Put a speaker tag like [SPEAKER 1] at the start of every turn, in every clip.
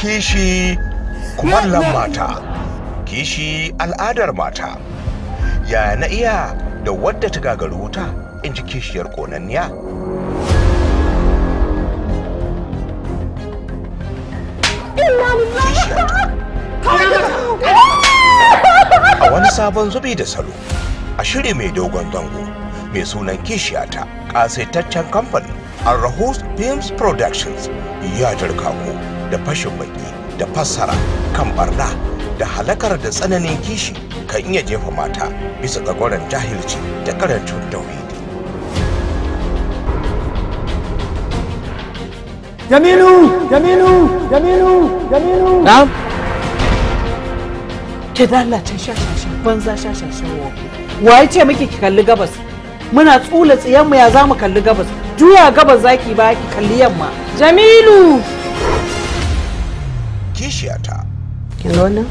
[SPEAKER 1] kishi kumallon mata kishi al'adar mata ya na iya da wadda ta gagaru wuta in ji kishiyar konanniya a wani sabon zubi da salo a shiri mai dogon dango mai sunan kishiyata ƙasaitaccen kamfanin Arahus Films Productions ya jarka ku da fashin baki da fassara kan barna da halakar da tsananin kishi kan iya jefa mata bisa ga gwaran jahilci da karantun tauhidi. Jaminu! Jaminu! Jaminu! Jaminu! Na'am?
[SPEAKER 2] Ke dalacin shashashin banza shashashin wa. Wa ya ce muke ki kalli gabas? Muna tsula tsiyanmu ya za mu kalli gabas. juya gaba zaki ba ki kalli yamma jamilu kishiyata kin wannan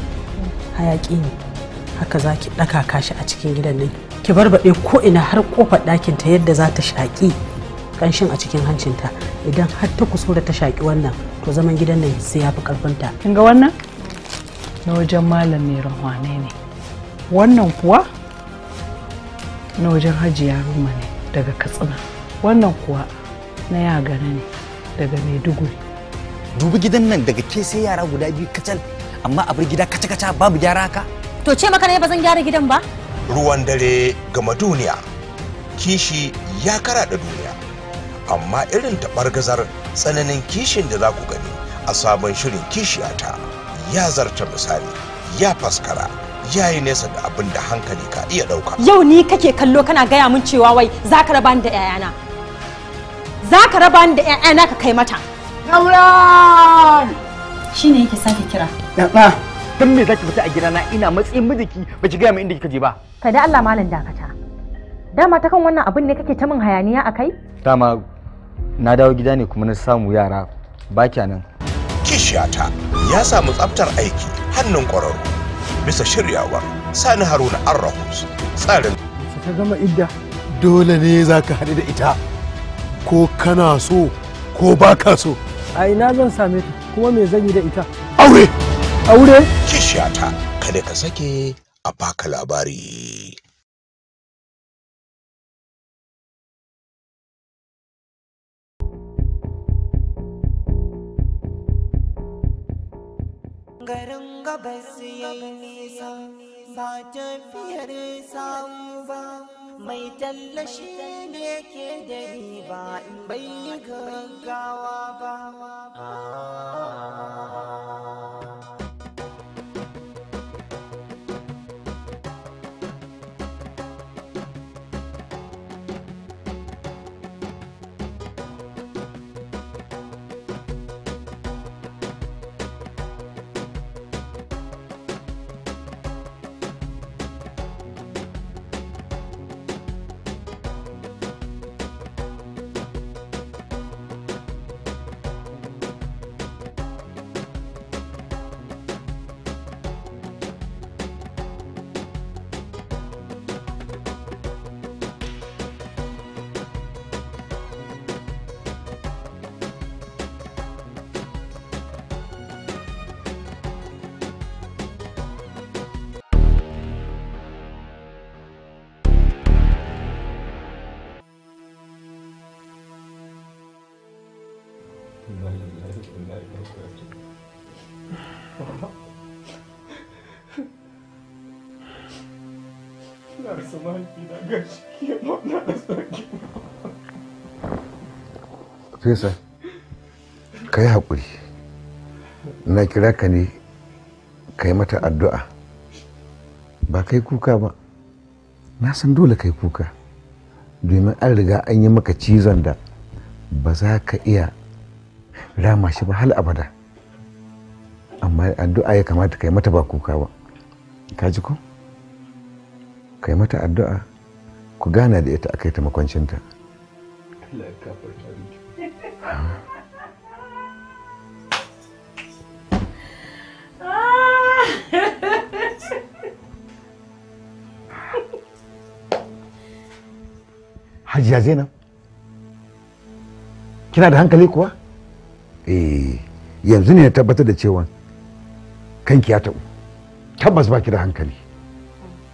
[SPEAKER 2] hayaki ne haka zaki daka kashi a cikin gidan nan ki barbaɗe ko ina har kofar ɗakin ta yadda za ta shaƙi kanshin a cikin hancinta idan har ta kusura ta shaƙi wannan to zaman gidan nan sai ya fi ƙarfinta kin ga wannan na wajen malam mai rahwane ne wannan kuwa na wajen hajiya ruma ne daga katsina wannan kuwa na ya gane ne
[SPEAKER 3] daga maiduguri dubi gidan nan daga ke sai yara guda biyu kacal amma
[SPEAKER 1] abin gida kaca-kaca babu gyara ka
[SPEAKER 4] to ce maka ne ba zan gyara gidan ba
[SPEAKER 1] ruwan dare gama duniya kishi ya kara da duniya amma irin gazar tsananin kishin da za ku gani a sabon shirin kishi a ta ya zarta misali ya faskara ya yi nesa da abin da hankali ka iya ɗauka
[SPEAKER 4] yau ni kake kallo kana gaya min cewa wai za ka raba da 'ya'yana za ka raba ni da 'ya'yana ka kai mata Gauran! Shi ne yake sake kira. Ɗanɗa don me za ki fita a gida na, ina matsayin mijiki ba ki gaya min inda kika je ba. Ka da Allah malam dakata. Dama ta kan wannan abin ne kake ta min hayaniya a kai?
[SPEAKER 3] Dama na dawo gida ne kuma na samu yara ba nan.
[SPEAKER 1] Kishiyata ya samu tsaftar aiki hannun ƙwararru bisa shiryawar Sani Haruna Arrahus tsarin. Ka gama idda dole ne za ka haɗu da ita. ko kana so ko ba ka so a ina zan same ta kuma me zan yi da ita aure aure kishiyata kada ka sake a baka labari
[SPEAKER 3] garin
[SPEAKER 4] gabas nisa ba tafiyar samu ba mai tallashi ne ke da riba in bai gaggawa ba ah.
[SPEAKER 1] rasa
[SPEAKER 5] fesa ka yi haƙuri na kira ka ne kai mata addu'a ba kai kuka ba na san dole kai kuka domin an riga an yi maka cizon da ba za ka iya rama shi ba hal abada amma addu'a ya kamata ka yi mata ba kuka ba ka ji ko? kai mata addu'a ku gana da ita akai ta makwancinta Hajiya Zainab kina da hankali kuwa? Eh yanzu ne na tabbatar da cewa kanki ya tabu tabbas baki da hankali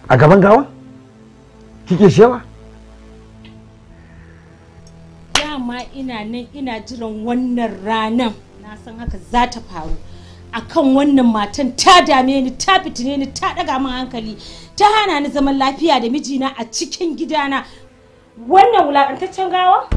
[SPEAKER 5] a gaban gawa? kike shewa
[SPEAKER 2] dama ina nan ina jiran wannan ranan na san haka za ta faru akan wannan matan ta dame ni ta fitine ni ta daga min hankali ta hana ni zaman lafiya da mijina a cikin gidana wannan wulakantaccen gawa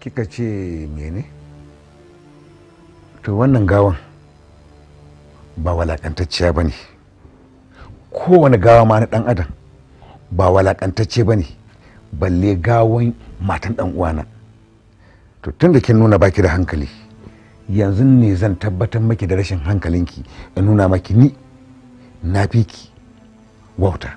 [SPEAKER 5] kika ce mene to wannan gawan ba walakantacciya ba ne kowane gawa ma na ɗan adam ba walakantacce ba ne balle gawan matan ɗan na, to tun da kin nuna baki da hankali yanzu ne zan tabbatar maki da rashin hankalinki in nuna maki ni na fi ki wauta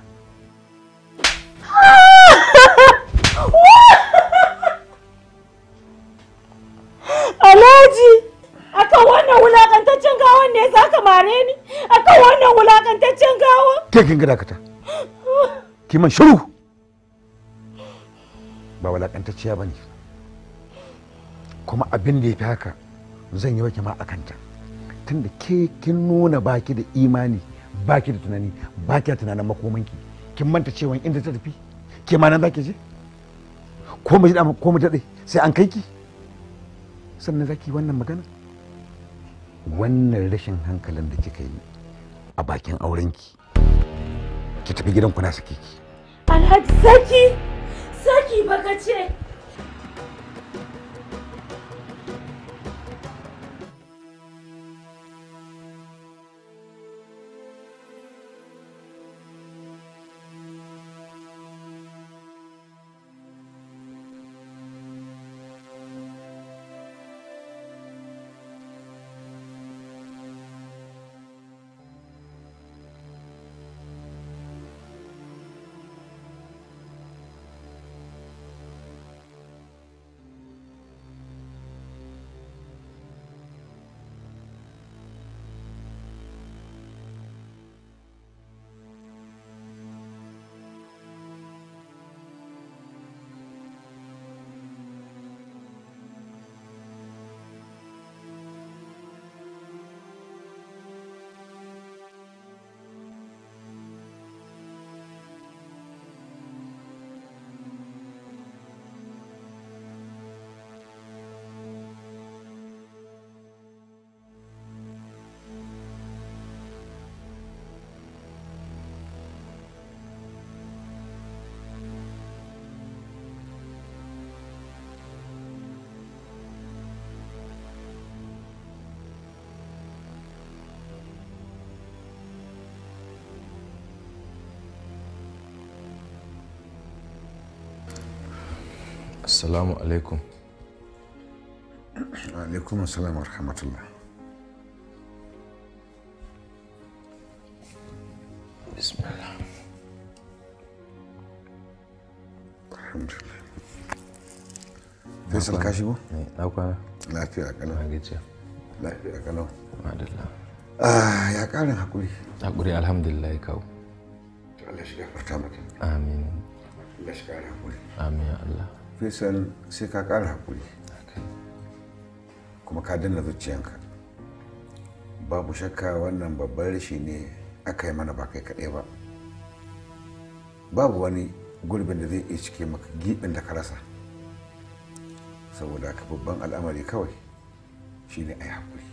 [SPEAKER 2] mare ni akan wannan wulakantaccen gawa
[SPEAKER 5] ke kin gida ka ta ki man shiru ba wulakantacciya bane kuma abin da yafi haka zan yi wa ma akan ta tunda ke kin nuna baki da imani baki da tunani baki da tunanin makomanki kin manta cewa inda ta tafi ke ma nan zaki je ko mu ko mu daɗe sai an kai ki sannan zaki wannan magana wannan rashin hankalin da kika yi a bakin aurenki ki tafi gidan na sake ki
[SPEAKER 2] alhaji saki saki baka ce
[SPEAKER 5] Assalamu alaikum. alaikum assalam wa rahmatullah. Bismillah. Alhamdulillah. Faisal ka shigo? Ne, eh, na kwana. Lafiya kalau. Na gajiya. Lafiya kalau. Madalla. Ah, ya karin hakuri. Hakuri alhamdulillah kawo. Allah shi maka. Amin. Allah shi karin hakuri. Amin ya Allah. faisal sai ka kara hakuri kuma ka danna zuciyanka babu shakka wannan babban rashi ne aka yi mana ba kai kaɗai ba babu wani gurbin da zai iya cike maka giɓin da ka rasa saboda ka babban al'amari kawai shine a yi haƙuri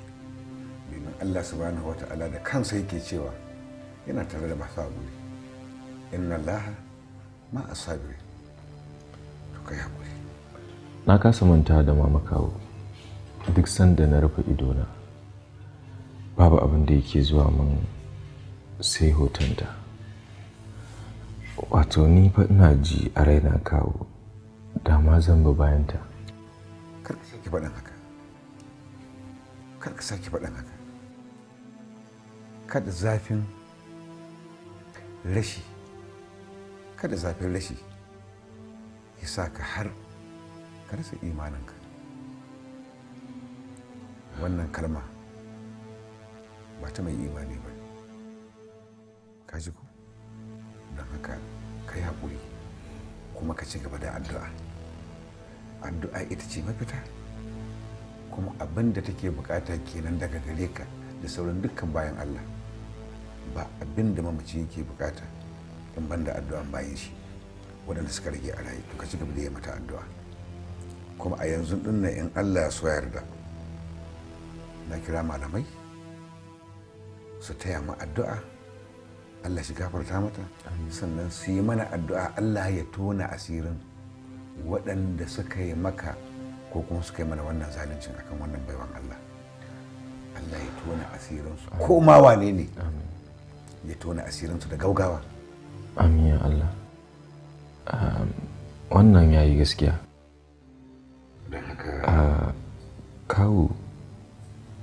[SPEAKER 5] domin allah subhanahu wa ta'ala da kansa yake cewa yana tare da masu haƙuri inna allaha ma asabirin
[SPEAKER 3] kai haƙuri na kasa manta da mama kawo duk sanda na rufe idona babu abin da yake zuwa min sai hotonta wato ni fa ina ji a raina kawo dama zan bi bayanta
[SPEAKER 5] ka sake faɗin haka ka sake faɗin haka kada zafin rashi kada zafin rashi ya sa ka har ka rasa imaninka wannan kalma ba ta mai imani ba ka ji ku don haka ka yi haƙuri kuma ka ci gaba da addu'a addu'a ita ce mafita kuma abin da take bukata kenan daga gare ka da sauran dukkan bayan allah ba abin da mamaci yake bukata in ban da addu'an bayan shi waɗanda suka rage a rayu ka ci gaba da yi mata addu'a kuma a yanzu ɗin nan in allah ya so yarda na kira malamai su taya mu addu'a allah shi gafarta mata sannan su yi mana addu'a allah ya tona asirin waɗanda suka yi maka ko kuma suka yi mana wannan zaluncin akan wannan baiwan allah allah ya tona asirinsu ko ma wane ne ya tona asirinsu da gaugawa amin ya allah
[SPEAKER 3] wannan ya yi gaskiya ah, kawo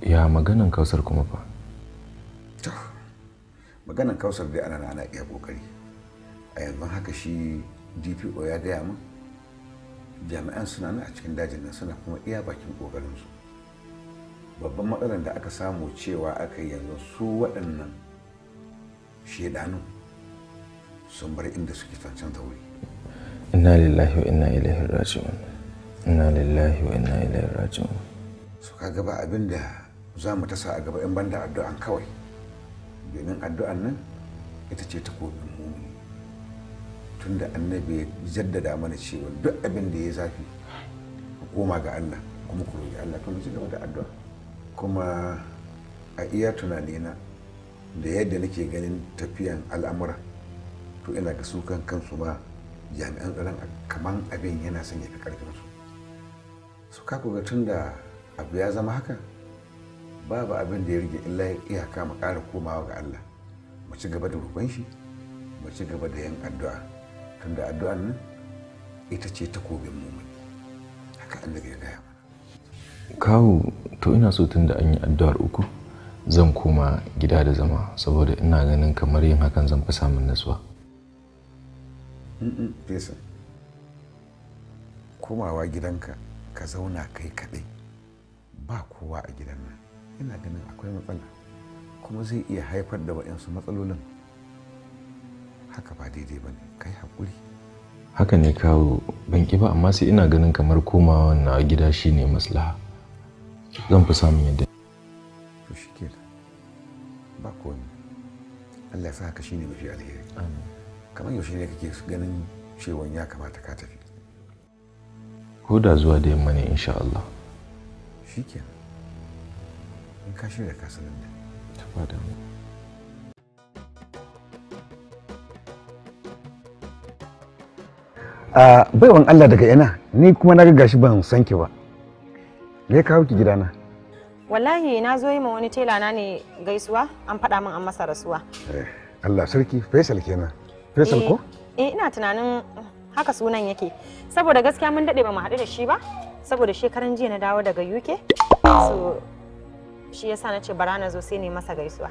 [SPEAKER 3] ya maganan kausar kuma fa
[SPEAKER 5] maganan kausar dai ana ana iya kokari a yanzu haka shi dpo ya gaya mun jami'an suna nan a cikin dajin nan suna kuma iya bakin kokarinsu babban matsalar da aka samu cewa aka yi yanzu su waɗannan shedanu sun bar inda suke cancanta wuri
[SPEAKER 3] inna lillahi wa inna ilaihi raji'un
[SPEAKER 5] inna lillahi wa inna ilaihi raji'un su ka gaba abin da za mu tasa a gaba in banda addu'an kawai domin addu'an nan ita ce ta komin mumi tunda annabi ya jaddada mana cewa duk abin da ya zafi ku koma ga Allah kuma ku roƙi Allah to ci gaba da addu'a kuma a iya tunanina da yadda nake ganin tafiyan al'amura to ina ga su kan kansu ma jami'an tsaron kaman abin yana son ya fi karfin su su ka ga tun da abu ya zama haka babu abin da ya rige illa ya iyaka mu ƙara komawa ga Allah mu ci gaba da roƙon shi mu ci gaba da yin addu'a tun da addu'an nan ita ce ta mu mu haka annabi
[SPEAKER 3] ya gaya mana kawo to ina so tun da an yi addu'ar uku zan koma gida da zama saboda ina ganin kamar yin hakan zan fi samun nasuwa
[SPEAKER 5] fesa komawa gidanka ka zauna kai kaɗai ba kowa a gidan nan ina ganin akwai matsala kuma zai iya haifar da waɗansu matsalolin haka ba daidai ba ne kai haƙuri
[SPEAKER 3] haka ne kawo ban ba amma sai ina ganin kamar komawa na gida shine maslaha zan fi samun yadda to shi
[SPEAKER 5] ba komai Allah ya sa haka shine mafi alheri amin kamar yaushe ne kake ganin cewan ya kamata ka tafi
[SPEAKER 3] ko da zuwa da yamma ne insha Allah
[SPEAKER 5] shi ke in ka shirya ka sanar da ta da mu a baiwan Allah daga ina ni kuma na gashi ban san ki ba me ya kawo ki gidana
[SPEAKER 4] wallahi na zo yi ma wani tela na ne gaisuwa an faɗa min an masa rasuwa
[SPEAKER 5] eh, Allah sarki Faisal kenan Crystal eh, ko?
[SPEAKER 4] Eh ina tunanin haka sunan yake. Saboda gaskiya mun dade ba mu haɗu da shi ba. Saboda shekaran jiya na dawo daga UK. So shi yasa na ce bara na zo sai ne masa gaisuwa.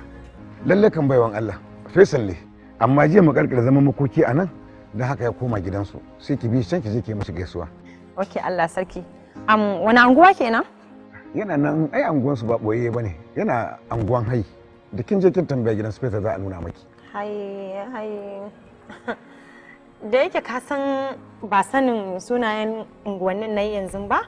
[SPEAKER 5] Lalle kan baiwan Allah. Faisal ne. Amma jiya mu karkar zaman makoki a nan don haka ya koma gidansu. Sai ki bi can ki je ki mashi gaisuwa.
[SPEAKER 4] Okay Allah sarki. Am wani anguwa kenan?
[SPEAKER 5] Yana nan ai anguwansu ba boye bane. Yana anguwan hai. Da kin je kin tambaya gidan Faisal za a nuna maki.
[SPEAKER 4] Hai hai da yake ka san ba sanin sunayen unguwannin na yanzu ba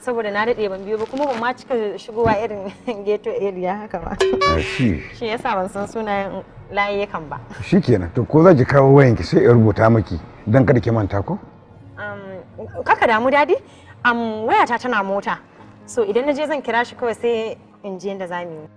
[SPEAKER 4] saboda na daɗe ban biyo ba kuma ban ma cika shigowa irin ghetto area haka ba shi yasa ban san sunayen layukan ba
[SPEAKER 5] shi kenan to ko za ki kawo wayanki sai in rubuta maki dan kada ki manta ko
[SPEAKER 4] kaka damu dadi wayata tana mota so idan na je zan kira shi kawai sai in je inda zamu yi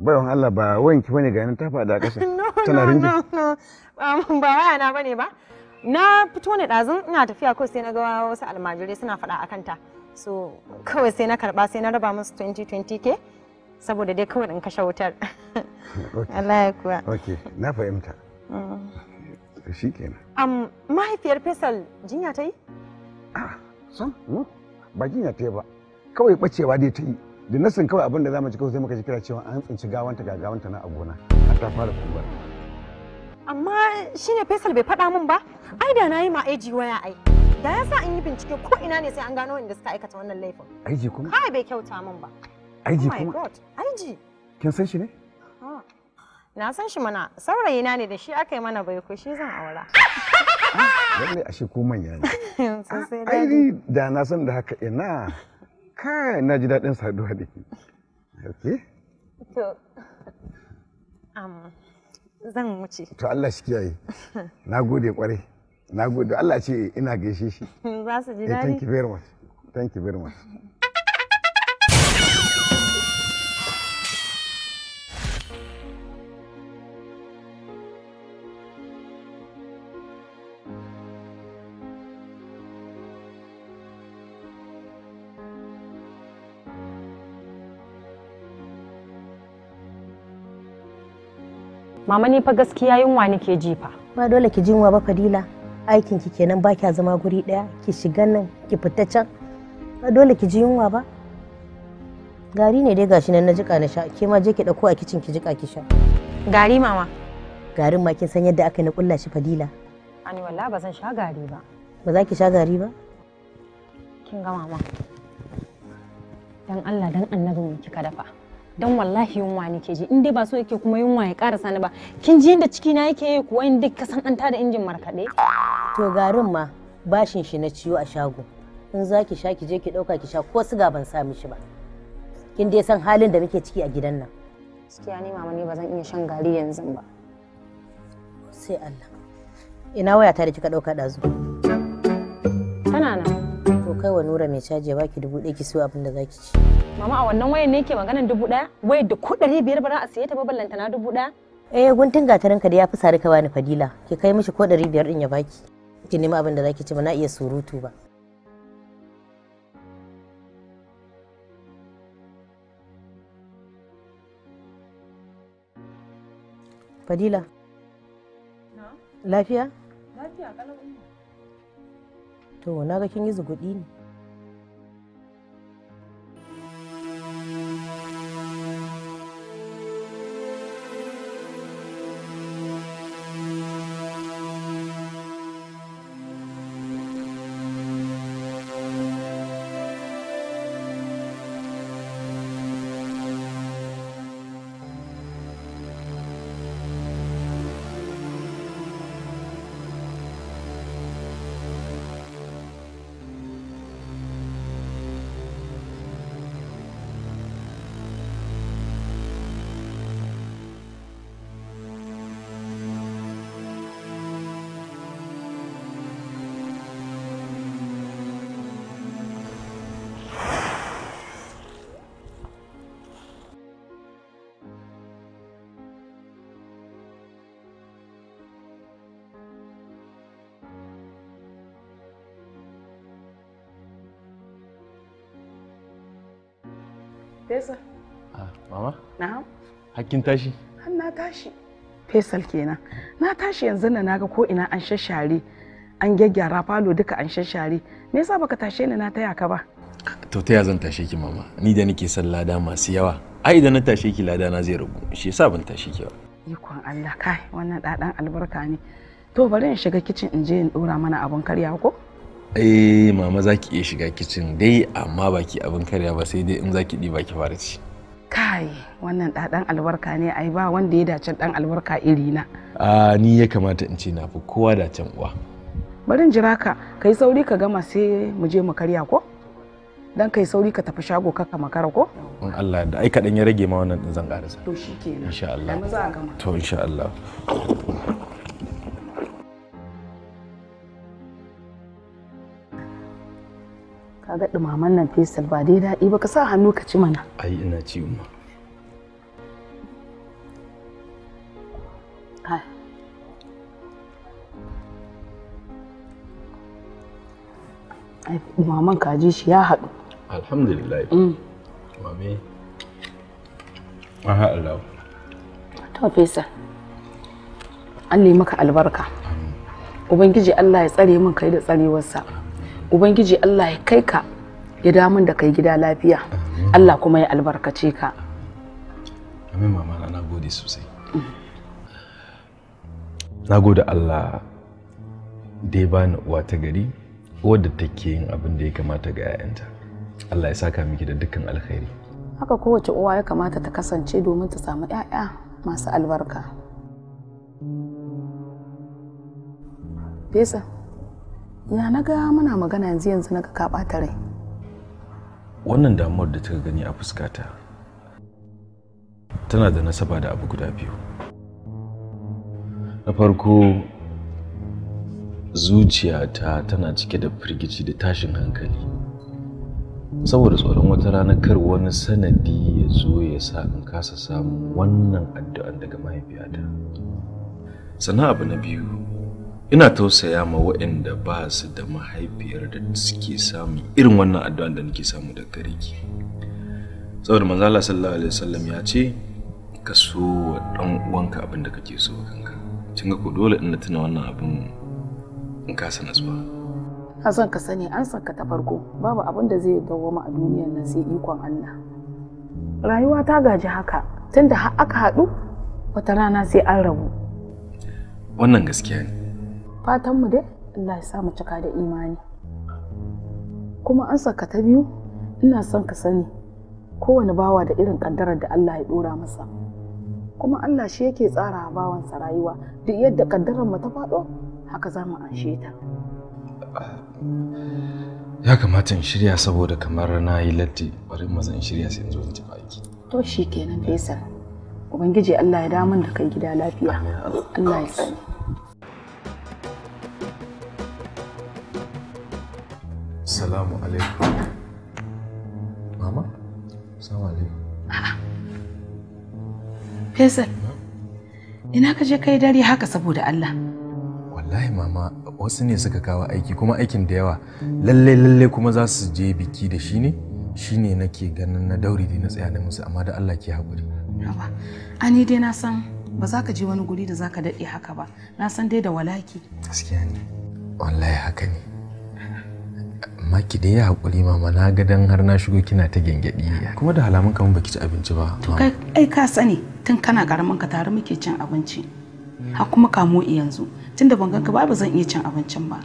[SPEAKER 5] baiwan Allah ba wanki bane ganin ta fada ƙasa tana rinji
[SPEAKER 4] ba waya na bane ba na fito ne ɗazun ina tafiya kawai sai na ga wasu almajirai suna faɗa a kanta so kawai sai na karɓa sai na raba musu 2020 ke saboda dai kawai in kashe wutar
[SPEAKER 5] Allah ya kuwa ok na fahimta mm. shi kenan
[SPEAKER 4] am mahaifiyar fesal jinya ta yi?
[SPEAKER 5] ah sun hmm? ba jinya ta yi ba kawai bacewa dai ta yi da nasin kawai abin da za mu ji kawai sai muka ji kira cewa an tsinci gawanta ga gawanta na a gona har ta fara kumbar
[SPEAKER 4] amma shine Faisal bai faɗa min ba ai da nayi ma aiji waya ai da yasa an yi bincike ko ina ne sai an gano wanda suka aikata wannan laifin
[SPEAKER 5] aiji kuma kai
[SPEAKER 4] bai kyauta min ba
[SPEAKER 5] aiji oh kuma god aiji kin san shi ne
[SPEAKER 4] na san shi mana saurayi na ne da shi aka yi mana bai ko shi zan aura
[SPEAKER 5] lalle ashe ko manya
[SPEAKER 4] ne ai
[SPEAKER 5] da na san da haka ina kai na ji daɗin saduwa da ke ok
[SPEAKER 4] to um, zan wuce to
[SPEAKER 5] Allah shi kiyaye na gode kwarai na gode Allah ce ina gaishe shi
[SPEAKER 4] za su ji eh, daɗi thank you
[SPEAKER 5] very much thank you very much
[SPEAKER 4] Mama ni fa gaskiya yunwa nake ji fa.
[SPEAKER 6] Ba dole ki jinwa ba Fadila. Aikin ki kenan ba kya zama guri daya, ki shiga nan, ki fita can. Ba dole ki ji yunwa ba. Gari ne dai gashi nan na jika na sha, ke ma je ki dauko a kicin ki jika ki sha. Gari mama. Garin ma kin san yadda aka na kulla shi Fadila.
[SPEAKER 4] Ani wallahi ba zan sha gari ba.
[SPEAKER 6] Ba za ki sha gari ba?
[SPEAKER 4] Kin ga mama. Dan Allah dan annabi kika dafa. dan wallahi yunwa nake ji in dai ba so yake kuma yunwa ya karasa ni ba kin ji yadda ciki na yake yi kuwa in duk kasan an da injin markaɗe
[SPEAKER 6] to garin ma bashin shi na ciwo a shago in za ki sha ki je ki ɗauka ki sha ko siga ban sa mishi ba kin dai san halin da muke ciki a gidan nan
[SPEAKER 4] gaskiya ni mama ne ba zan iya shan gari yanzu ba sai Allah
[SPEAKER 6] ina waya ta da kika ɗauka ɗazu tana nan To kai wa Nura mai caji ya baki dubu ɗaya ki siyo abin da zaki ci.
[SPEAKER 4] Mama a wannan wayan ne ke maganan dubu ɗaya? Wayar da ko ɗari biyar ba za a siye ta ba ballanta na dubu ɗaya?
[SPEAKER 6] Eh guntun gatarinka da ya fi sare ka bani fadila. Ki kai mishi ko ɗari biyar ɗin ya baki. Ki nemi abin da zaki ci ba na iya surutu ba. Fadila. Lafiya? to another king is a good in.
[SPEAKER 2] Faisal.
[SPEAKER 3] Ah, mama? Na'am. Hakkin tashi? Har na tashi.
[SPEAKER 2] Faisal kenan. Na tashi yanzu na naga ko ina an shashare. An gyaggyara falo duka an shashare. Me yasa baka tashe ni na taya ka ba?
[SPEAKER 3] To taya zan tashe ki mama? Ni da nake son lada masu yawa. Ai idan na tashe ki lada na zai ragu. Shi yasa ban tashe ki ba.
[SPEAKER 2] Ikon Allah kai wannan dadan albarka ne. To bari in shiga kicin in je in ɗora mana abun karya ko?
[SPEAKER 3] eh mama za ki iya shiga kicin dai amma baki abin karya ba sai dai in za ki baki ki fara ci
[SPEAKER 2] kai wannan ɗaɗan albarka ne ai ba wanda ya dace ɗan albarka iri na
[SPEAKER 3] a ni ya kamata in ce na fi kowa dacen uwa
[SPEAKER 2] bari jira ka kai sauri ka gama sai mu je mu karya ko dan kai sauri ka tafi shago kaka makara ko
[SPEAKER 3] in Allah da ai kaɗan ya rage ma wannan din zan ƙarasa to shikenan insha Allah to insha Allah
[SPEAKER 2] kaga dumaman nan fesal ba dai daɗi ba ka sa hannu ka ci mana
[SPEAKER 3] ai ina ci umma
[SPEAKER 2] ai dumaman ji shi ya haɗu alhamdulillah
[SPEAKER 3] mm. mami aha Allah
[SPEAKER 2] to fesal nemi maka albarka Ubangiji Allah ya tsare min kai da tsarewarsa. ubangiji Allah ya kai ka ya damun da kai gida lafiya Allah kuma ya albarkace ka
[SPEAKER 3] amin mama na gode sosai na gode Allah da ya bani uwa ta gari wadda take yin abin da ya kamata ga 'ya'yanta Allah ya saka miki da dukkan alkhairi
[SPEAKER 2] haka kowace uwa ya kamata ta kasance domin ta samu 'ya'ya masu albarka Pesa. ya na muna magana yanzu yanzu na ka ɓata rai
[SPEAKER 3] wannan damuwar da kika gani a fuskata tana da nasaba da abu guda biyu na farko zuciyata tana cike da firgici da tashin hankali saboda tsoron wata rana kar wani sanadi ya zo ya sa in kasa samun wannan addu'an daga mahaifiyata sannan abu na biyu ina tausaya ma waɗanda ba su da mahaifiyar da suke samu irin wannan addu'an da nake samu da gare ki saboda manzo Allah sallallahu alaihi wasallam ya ce ka so wa dan uwanka abin da kake so kanka kin ga ko dole ina tuna wannan abin in ka sana zuwa
[SPEAKER 2] Hassan ka sani an sanka ta farko babu abin da zai dawwama a duniyar nan sai ikon Allah rayuwa ta gaji haka tunda har aka haɗu wata rana sai an rabu
[SPEAKER 3] wannan gaskiya ne
[SPEAKER 2] Fatanmu dai Allah ya sa mu cika da imani. Kuma an saka ta biyu ina son ka sani kowane bawa da irin kaddarar da Allah ya dora masa. Kuma Allah shi yake tsara bawansa rayuwa duk yadda kaddarar mu ta faɗo haka za mu anshe ta.
[SPEAKER 3] Ya kamata in shirya saboda kamar na yi latti bari mu zan shirya sai in zo in tafi aiki.
[SPEAKER 2] To shi kenan Faisal. Ubangiji Allah ya d'a mun da kai gida lafiya. Allah ya sani.
[SPEAKER 3] Salamu alaikum. Mama? Assalamu alaikum.
[SPEAKER 2] Faisal, ina ka je kai dare haka saboda Allah.
[SPEAKER 3] Wallahi mama, wasu ne suka kawo aiki kuma aikin da yawa. Lalle lalle kuma za su je biki da shi ne? Shi ne nake ganin na dauri dai na tsaya da musu amma da Allah ke haƙuri.
[SPEAKER 2] Yawa, ani dai na san ba za ka je wani guri da za ka daɗe haka ba. Na san dai da walaki. Gaskiya ne.
[SPEAKER 3] Wallahi haka ne. amma ki dai ya haƙuri mama na ga dan har na shigo kina ta gyangyaɗi kuma da halamun kamar baki ci abinci ba to kai
[SPEAKER 2] ai ka sani tun kana karamin ka tare muke cin abinci har kuma kamo yanzu tunda ban ganka ba zan iya cin abincin ba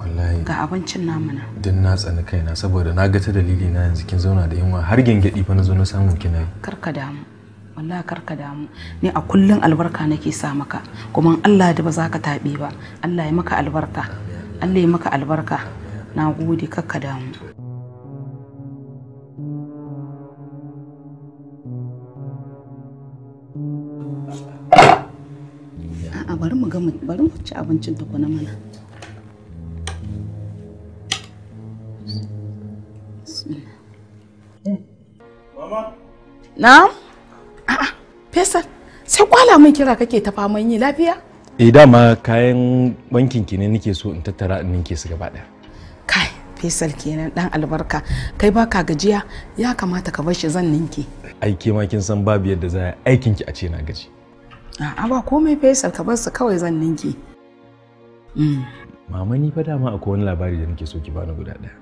[SPEAKER 2] wallahi ga abincin namuna
[SPEAKER 3] din na tsani kaina saboda na ga ta dalili na yanzu kin zauna da yunwa har gengedi fa na zo na samu kina yi
[SPEAKER 2] karka damu wallahi karka damu ni a kullun albarka nake sa maka kuma Allah da ba za ka tabe ba Allah ya maka albarka Allah ya maka albarka na gode kakka damu a'a bari mu gama bari mu ci abincin kuna mana Mama? Na? A'a, sai kwala mun kira kake ta faman yi lafiya?
[SPEAKER 3] Eh dama kayan bankin ki ne nake so in tattara in ninke su gaba daya
[SPEAKER 2] kai fesal kenan dan albarka kai baka gajiya ya kamata ka bar shi zan ninki
[SPEAKER 3] aiki ma kin san babu yadda za aikin ki a ce na gaji
[SPEAKER 2] a'a ba komai fesal ka bar su kawai zan ninki
[SPEAKER 3] mm. mama ni fa dama akwai wani labari da nake so ki bani guda daya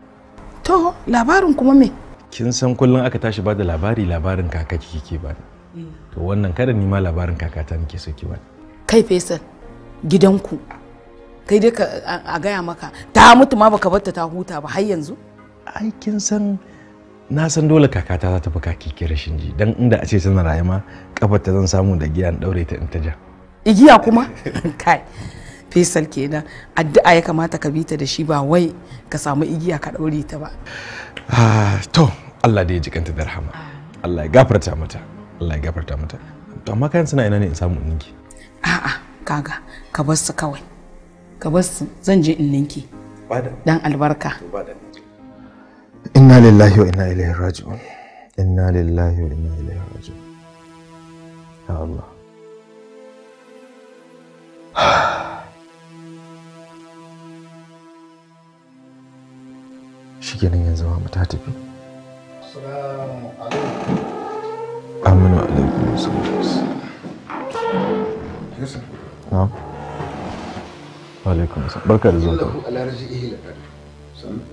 [SPEAKER 2] to labarin kuma me
[SPEAKER 3] kin san kullum aka tashi bada labari labarin kaka kike ke bani mm. to wannan kada ni ma labarin kakata nake so ki bani
[SPEAKER 2] kai fesal gidanku kai dai ka a gaya maka ta mutu ma baka barta ta huta ba har yanzu ai kin san
[SPEAKER 3] na san dole kakata za ta fi kaki rashin ji dan inda a ce tana rayuwa kafar ta zan samu da giya daure ta in ta ja
[SPEAKER 2] igiya kuma kai fesal kenan addu'a ya kamata ka bita da shi ba wai ka samu igiya ka daure ta ba
[SPEAKER 3] ah, to Allah da ya jikanta da rahama Allah ya gafarta mata Allah ya gafarta mata amma kayan suna ina ne in samu ninki
[SPEAKER 2] a'a kaga ka bar su kawai ka zan je in ninki dan albarka
[SPEAKER 3] inna lillahi wa inna ilaihi raji'un inna lillahi wa inna ilaihi raji'un ya Allah shikenan yanzu ma ta tafi assalamu alaikum aminu alaikum salam yusuf alaikum barka da zuwa kawo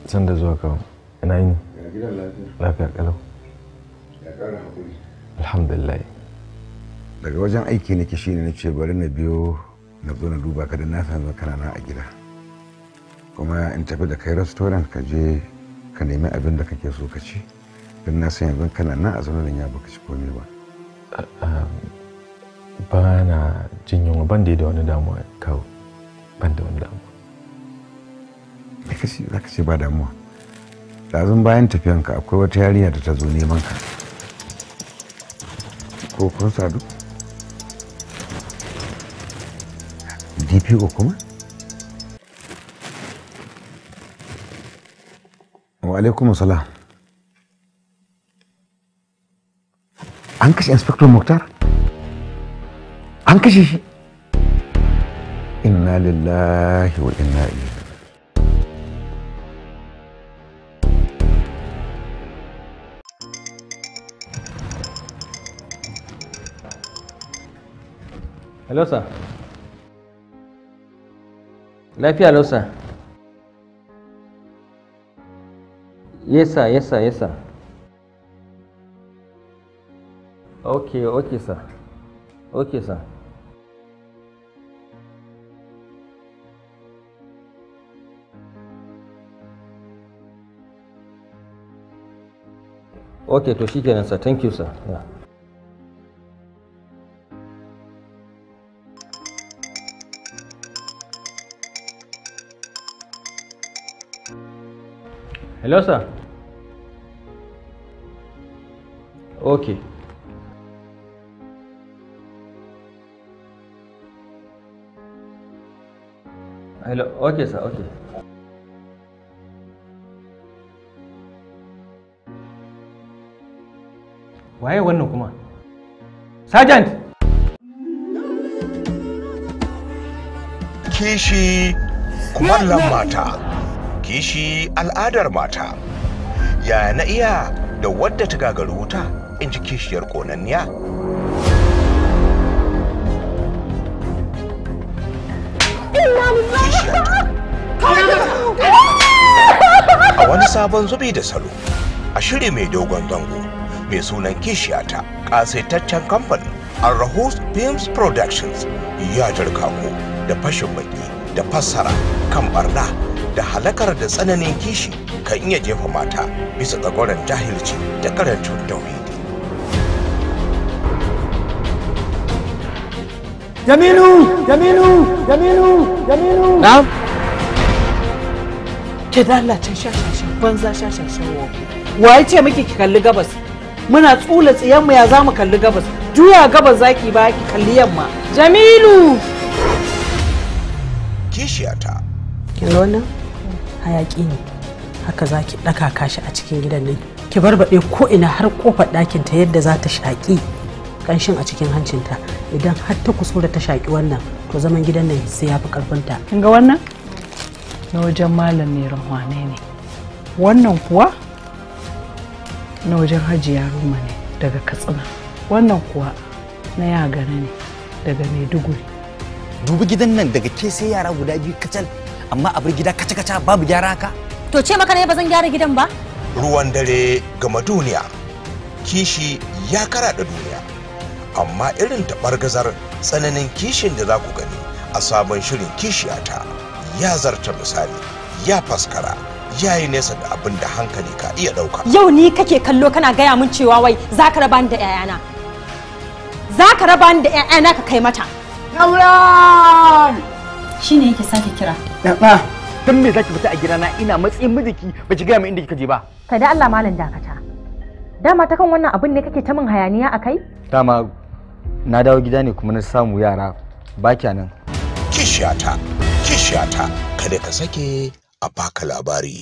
[SPEAKER 3] san da zuwa kawo ina yini lafiya
[SPEAKER 5] kalau alhamdulillah daga wajen aiki nake shine na ce bari na biyo na zo na duba ka da na san kana na a gida kuma in tafi da kai restaurant ka je ka nemi abin da kake so ka ci don na san yanzu kana a zaune ya baka ci komai ba
[SPEAKER 3] ba na jin yunwa ban da wani damuwa kawo ban da wani damuwa
[SPEAKER 5] da kashi za ka ce ba damuwa ɗazun bayan tafiyanka akwai wata yarinya da ta zo neman ka ko kun sadu dpo kuma wa alaikum salam an kashe inspector muktar an kashe shi inna lillahi wa inna ilaihi
[SPEAKER 3] Lafiya lau sir. Yes sir, Okay, okay sir. Okay sir. ok to shikenan sir thank you sir yeah. hello sir hello sir waye wannan kuma sergeant
[SPEAKER 1] kishi kumallon mata kishi al'adar mata ya na iya da wadda ta gagaru wuta in ji kishiyar konanniya a wani sabon zubi da salo a shiri mai dogon zango mai sunan kishiyata ƙasaitaccen kamfanin arahus films productions ya jarkaku da fashin baki da fassara kan barna da halakar da tsananin kishi kan iya jefa mata bisa tsagoron jahilci da karancin tauhidi jaminu jaminu jaminu jaminu na'am
[SPEAKER 2] ke da Allah can shashashan banza shashashan wa ya ce miki ki kalli gabas muna tsula tsiyanmu ya za mu kalli gabas juya gabas zaki
[SPEAKER 1] ba ki kalli yamma jamilu
[SPEAKER 2] kishiyata kin wannan hayaki ne haka zaki ki ɗaka kashi a cikin gidan nan ki barbaɗe ko ina har kofar ɗakinta ta yadda za ta shaƙi ƙanshin a cikin hancinta idan har ta da ta shaki wannan to zaman gidan nan sai ya fi ƙarfinta kin ga wannan na wajen malam ne rahwane ne wannan kuwa na wajen hajiya ruma ne daga katsina wannan kuwa na
[SPEAKER 1] yagana ne daga maiduguri dubi gidan nan daga ke sai yara guda biyu kacal amma abin gida kaca-kaca babu gyara ka
[SPEAKER 4] to ce maka ne ba zan gyara gidan ba
[SPEAKER 1] ruwan dare gama duniya kishi ya kara duniya amma irin gazar tsananin kishin da za ku gani a sabon shirin kishiyata ya zarta misali ya faskara yayi nesa da abin da hankali ka iya dauka
[SPEAKER 4] yau ni kake kallo kana gaya min cewa wai za ka raba ni da yayana za ka raba ni da yayana ka kai mata Dauran! Shi ne yake sake kira.
[SPEAKER 1] Ɗanɗa, don
[SPEAKER 3] me zaki fita a gidana ina matsayin miziki ba ki gaya min inda kika je ba.
[SPEAKER 4] Kai da Allah malam dakata. Dama ta kan wannan abin ne kake ta min hayaniya a kai?
[SPEAKER 1] Dama na
[SPEAKER 3] dawo gida ne kuma na samu yara ba kyanan. Kishiyata, kishiyata, kada ka sake a baka labari.